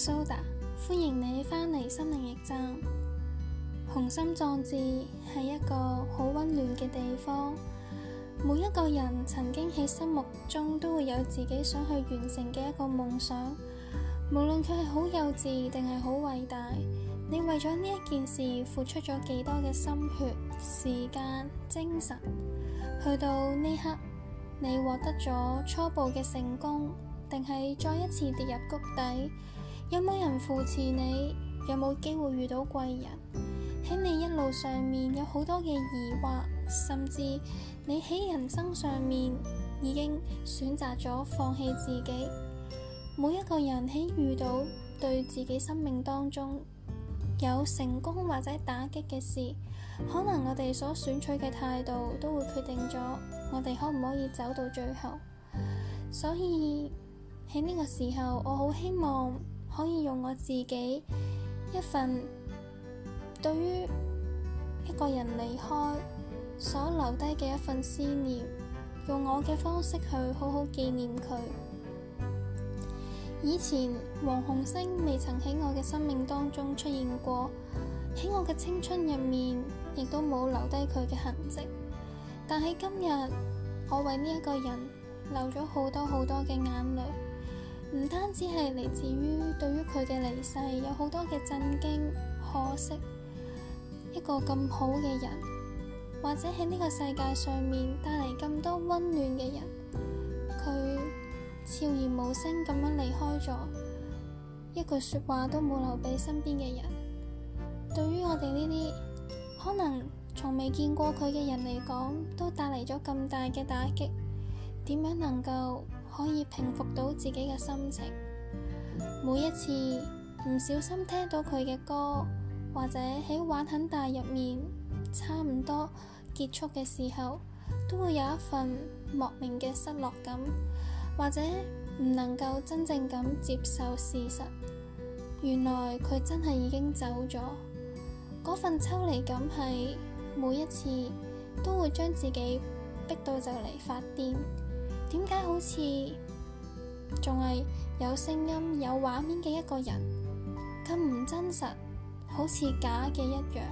蘇達，歡迎你返嚟，心靈驛站。雄心壯志係一個好溫暖嘅地方。每一個人曾經喺心目中都會有自己想去完成嘅一個夢想，無論佢係好幼稚定係好偉大。你為咗呢一件事付出咗幾多嘅心血、時間、精神，去到呢刻，你獲得咗初步嘅成功，定係再一次跌入谷底？有冇人扶持你？有冇機會遇到貴人？喺你一路上面有好多嘅疑惑，甚至你喺人生上面已經選擇咗放棄自己。每一個人喺遇到對自己生命當中有成功或者打擊嘅事，可能我哋所選取嘅態度都會決定咗我哋可唔可以走到最後。所以，喺呢個時候，我好希望，可以用我自己一份對於一個人離開所留低嘅一份思念，用我嘅方式去好好紀念佢。以前黃鴻升未曾喺我嘅生命當中出現過，喺我嘅青春入面亦都冇留低佢嘅痕跡，但係今日，我為呢一個人流咗好多好多嘅眼淚。唔單止係嚟自於對於佢嘅離世有好多嘅震驚，可惜一個咁好嘅人，或者喺呢個世界上面帶嚟咁多溫暖嘅人，佢悄然無聲咁樣離開咗，一句說話都冇留俾身邊嘅人。對於我哋呢啲可能從未見過佢嘅人嚟講，都帶嚟咗咁大嘅打擊，點樣能夠？可以平復到自己嘅心情。每一次唔小心聽到佢嘅歌，或者喺玩很大入面差唔多結束嘅時候，都會有一份莫名嘅失落感，或者唔能夠真正咁接受事實，原來佢真係已經走咗。嗰份抽離感係每一次都會將自己逼到就嚟發癲。點解好似仲係有聲音、有畫面嘅一個人咁唔真實，好似假嘅一樣？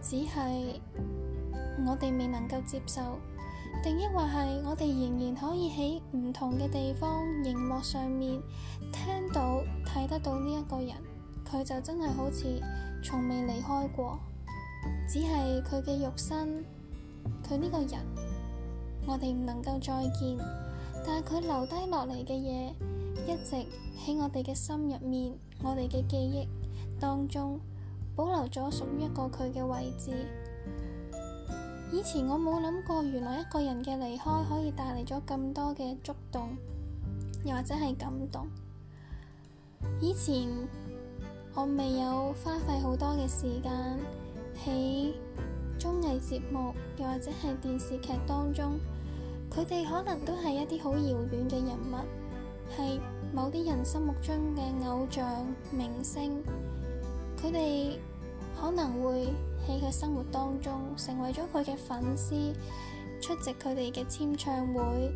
只係我哋未能夠接受，定抑或係我哋仍然可以喺唔同嘅地方熒幕上面聽到、睇得到呢一個人，佢就真係好似從未離開過，只係佢嘅肉身，佢呢個人。我哋唔能夠再見，但係佢留低落嚟嘅嘢，一直喺我哋嘅心入面，我哋嘅記憶當中保留咗屬於一個佢嘅位置。以前我冇諗過，原來一個人嘅離開可以帶嚟咗咁多嘅觸動，又或者係感動。以前我未有花費好多嘅時間喺綜藝節目，又或者係電視劇當中。佢哋可能都係一啲好遙遠嘅人物，係某啲人心目中嘅偶像、明星。佢哋可能會喺佢生活當中成為咗佢嘅粉絲，出席佢哋嘅簽唱會，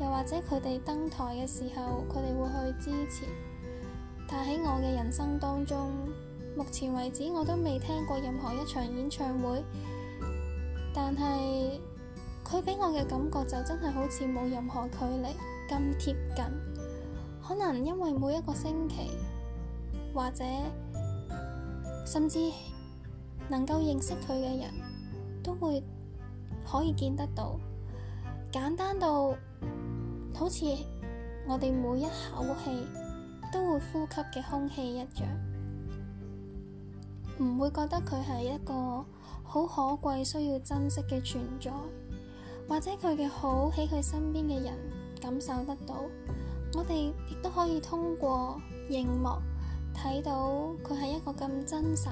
又或者佢哋登台嘅時候，佢哋會去支持。但喺我嘅人生當中，目前為止我都未聽過任何一場演唱會，但係。佢畀我嘅感覺就真係好似冇任何距離咁貼近，可能因為每一個星期或者甚至能夠認識佢嘅人都會可以見得到，簡單到好似我哋每一口氣都會呼吸嘅空氣一樣，唔會覺得佢係一個好可貴需要珍惜嘅存在。或者佢嘅好喺佢身邊嘅人感受得到，我哋亦都可以通過熒幕睇到佢係一個咁真實、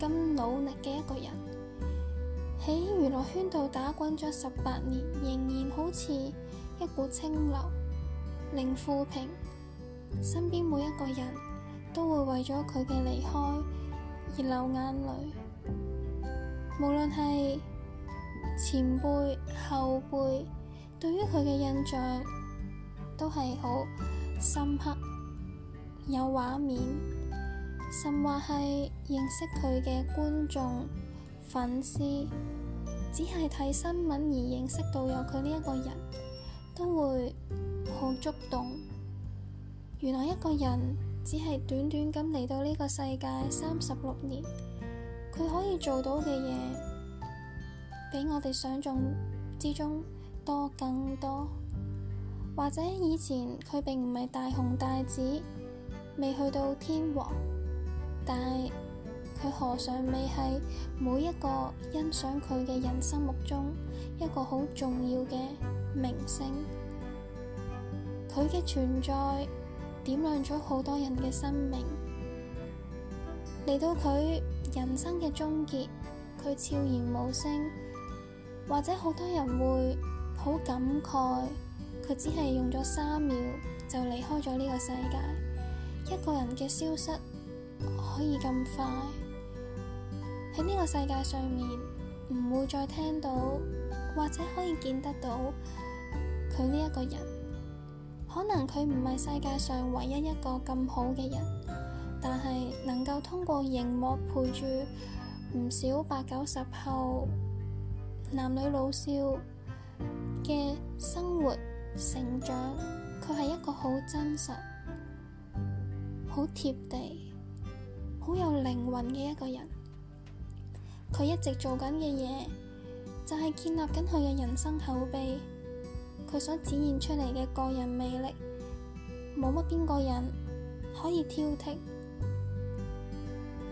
咁努力嘅一個人。喺娛樂圈度打滾咗十八年，仍然好似一股清流。令富平身邊每一個人都會為咗佢嘅離開而流眼淚，無論係，前輩、後輩對於佢嘅印象都係好深刻，有畫面，甚或係認識佢嘅觀眾、粉絲，只係睇新聞而認識到有佢呢一個人，都會好觸動。原來一個人只係短短咁嚟到呢個世界三十六年，佢可以做到嘅嘢，比我哋想像之中多更多，或者以前佢並唔係大紅大紫，未去到天王，但係佢何嘗未係每一個欣賞佢嘅人心目中一個好重要嘅明星？佢嘅存在點亮咗好多人嘅生命，嚟到佢人生嘅終結，佢悄然無聲。或者好多人會好感慨，佢只係用咗三秒就離開咗呢個世界。一個人嘅消失可以咁快，喺呢個世界上面唔會再聽到或者可以見得到佢呢一個人。可能佢唔係世界上唯一一個咁好嘅人，但係能夠通過熒幕陪住唔少八九十後。男女老少嘅生活成長，佢係一個好真實、好貼地、好有靈魂嘅一個人。佢一直做緊嘅嘢就係建立緊佢嘅人生口碑。佢所展現出嚟嘅個人魅力，冇乜邊個人可以挑剔。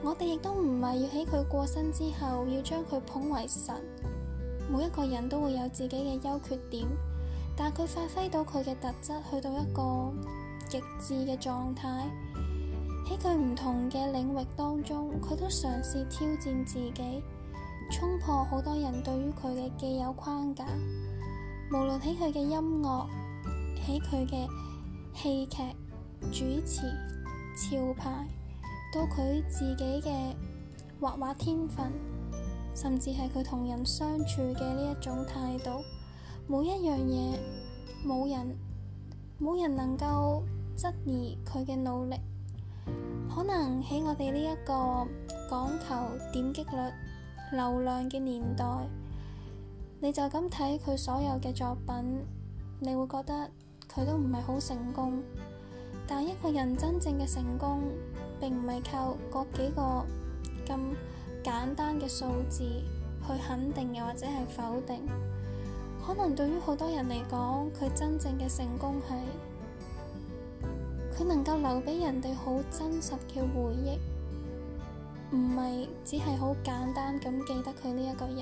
我哋亦都唔係要喺佢過身之後要將佢捧為神。每一個人都會有自己嘅優缺點，但佢發揮到佢嘅特質，去到一個極致嘅狀態。喺佢唔同嘅領域當中，佢都嘗試挑戰自己，衝破好多人對於佢嘅既有框架。無論喺佢嘅音樂、喺佢嘅戲劇、主持、潮牌，到佢自己嘅畫畫天分。甚至係佢同人相處嘅呢一種態度。每一樣嘢，冇人冇人能夠質疑佢嘅努力。可能喺我哋呢一個講求點擊率流量嘅年代，你就咁睇佢所有嘅作品，你會覺得佢都唔係好成功。但一個人真正嘅成功並唔係靠嗰幾個咁簡單嘅數字去肯定又或者係否定，可能對於好多人嚟講，佢真正嘅成功係佢能夠留俾人哋好真實嘅回憶，唔係只係好簡單咁記得佢呢一個人。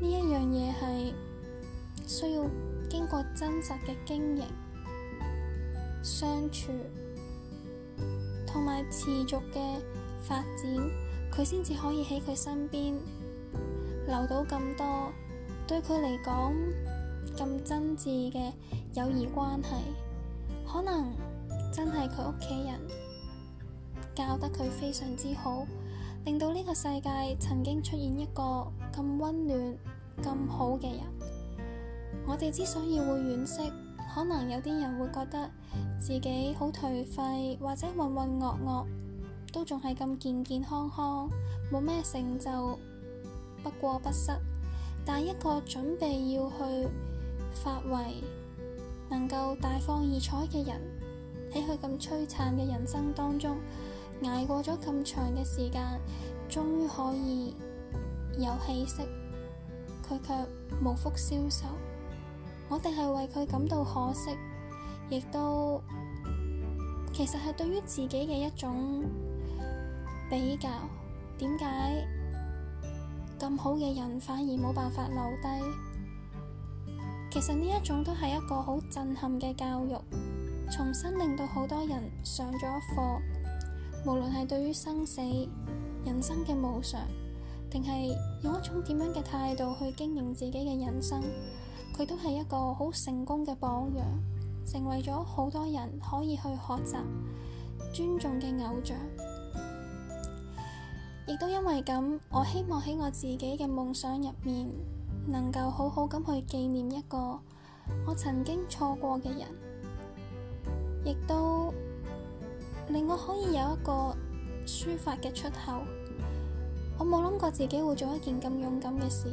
呢一樣嘢係需要經過真實嘅經營、相處同埋持續嘅發展。佢先至可以喺佢身邊留到咁多對他來，對佢嚟講咁真摯嘅友誼關係，可能真係佢屋企人教得佢非常之好，令到呢個世界曾經出現一個咁温暖、咁好嘅人。我哋之所以會惋惜，可能有啲人會覺得自己好頹廢，或者渾渾噩噩。都仲係咁健健康康，冇咩成就，不過不失。但一個準備要去發圍、能夠大放異彩嘅人，喺佢咁璀璨嘅人生當中，捱過咗咁長嘅時間，終於可以有氣息。佢卻無福消受。我哋係為佢感到可惜，亦都其實係對於自己嘅一種。比較點解咁好嘅人反而冇辦法留低？其實呢一種都係一個好震撼嘅教育，重新令到好多人上咗課。無論係對於生死、人生嘅無常，定係用一種點樣嘅態度去經營自己嘅人生，佢都係一個好成功嘅榜樣，成為咗好多人可以去學習、尊重嘅偶像。亦都因為咁，我希望喺我自己嘅夢想入面，能夠好好咁去紀念一個我曾經錯過嘅人，亦都令我可以有一個抒發嘅出口。我冇諗過自己會做一件咁勇敢嘅事。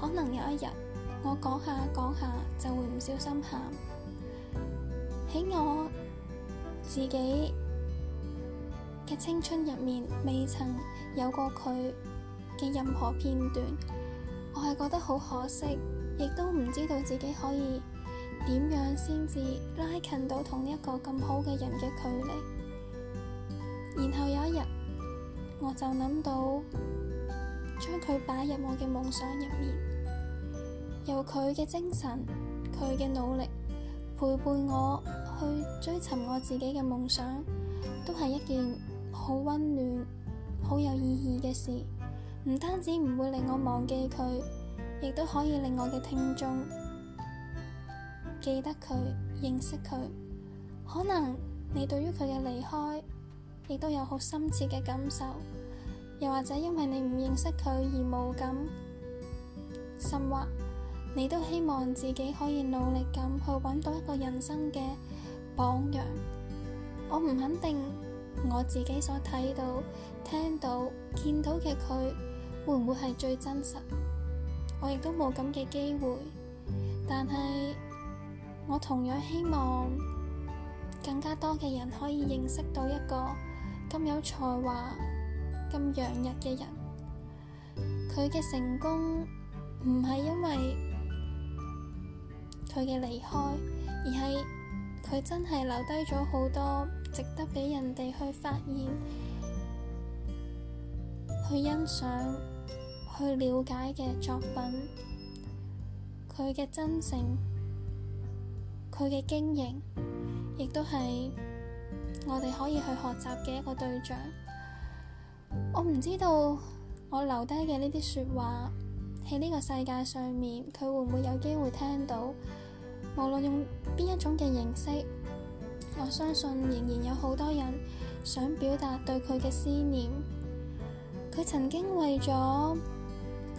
可能有一日，我講下講下就會唔小心喊。喺我自己嘅青春入面，未曾。有過佢嘅任何片段，我係覺得好可惜，亦都唔知道自己可以點樣先至拉近到同一個咁好嘅人嘅距離。然後有一日，我就諗到將佢擺入我嘅夢想入面，由佢嘅精神、佢嘅努力陪伴我去追尋我自己嘅夢想，都係一件好溫暖。好有意義嘅事，唔單止唔會令我忘記佢，亦都可以令我嘅聽眾記得佢、認識佢。可能你對於佢嘅離開，亦都有好深切嘅感受，又或者因為你唔認識佢而冇感。甚或你都希望自己可以努力咁去揾到一個人生嘅榜樣。我唔肯定我自己所睇到。聽到、見到嘅佢會唔會係最真實？我亦都冇咁嘅機會，但係我同樣希望更加多嘅人可以認識到一個咁有才華、咁陽日嘅人。佢嘅成功唔係因為佢嘅離開，而係佢真係留低咗好多值得俾人哋去發現。去欣賞、去了解嘅作品，佢嘅真誠、佢嘅經營，亦都係我哋可以去學習嘅一個對象。我唔知道我留低嘅呢啲說話喺呢個世界上面，佢會唔會有機會聽到？無論用邊一種嘅形式，我相信仍然有好多人想表達對佢嘅思念。佢曾經為咗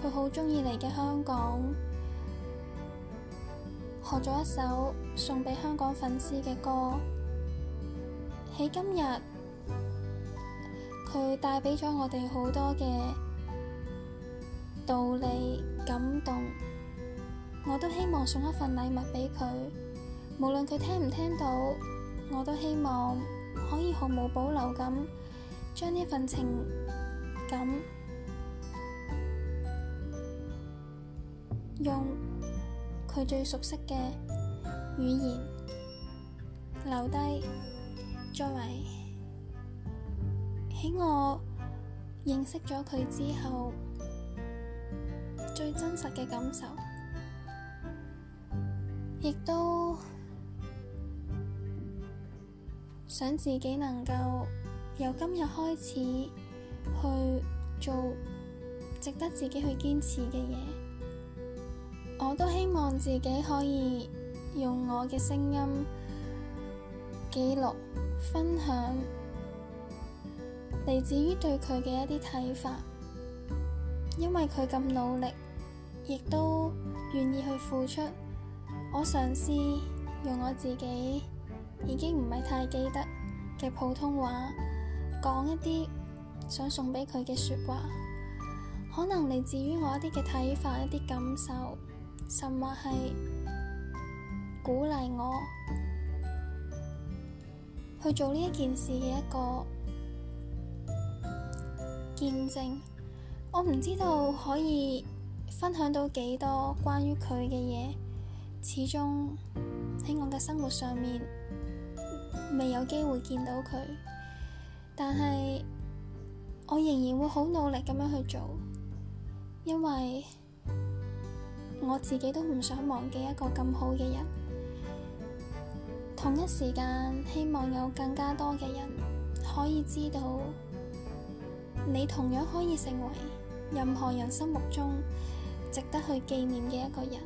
佢好鍾意嚟嘅香港學咗一首送俾香港粉絲嘅歌。喺今日，佢帶俾咗我哋好多嘅道理、感動，我都希望送一份禮物俾佢，無論佢聽唔聽到，我都希望可以毫無保留咁將呢份情。咁用佢最熟悉嘅語言留低，作為喺我認識咗佢之後最真實嘅感受，亦都想自己能夠由今日開始，去做值得自己去堅持嘅嘢，我都希望自己可以用我嘅聲音記錄分享嚟，至於對佢嘅一啲睇法，因為佢咁努力，亦都願意去付出。我嘗試用我自己已經唔係太記得嘅普通話講一啲。想送俾佢嘅説話，可能嚟自於我一啲嘅睇法、一啲感受，甚或係鼓勵我去做呢一件事嘅一個見證。我唔知道可以分享到幾多關於佢嘅嘢，始終喺我嘅生活上面未有機會見到佢，但係。我仍然會好努力咁樣去做，因為我自己都唔想忘記一個咁好嘅人。同一時間，希望有更加多嘅人可以知道，你同樣可以成為任何人心目中值得去紀念嘅一個人。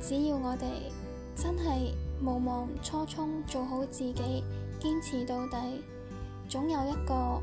只要我哋真係無忘初衷，做好自己，堅持到底，總有一個。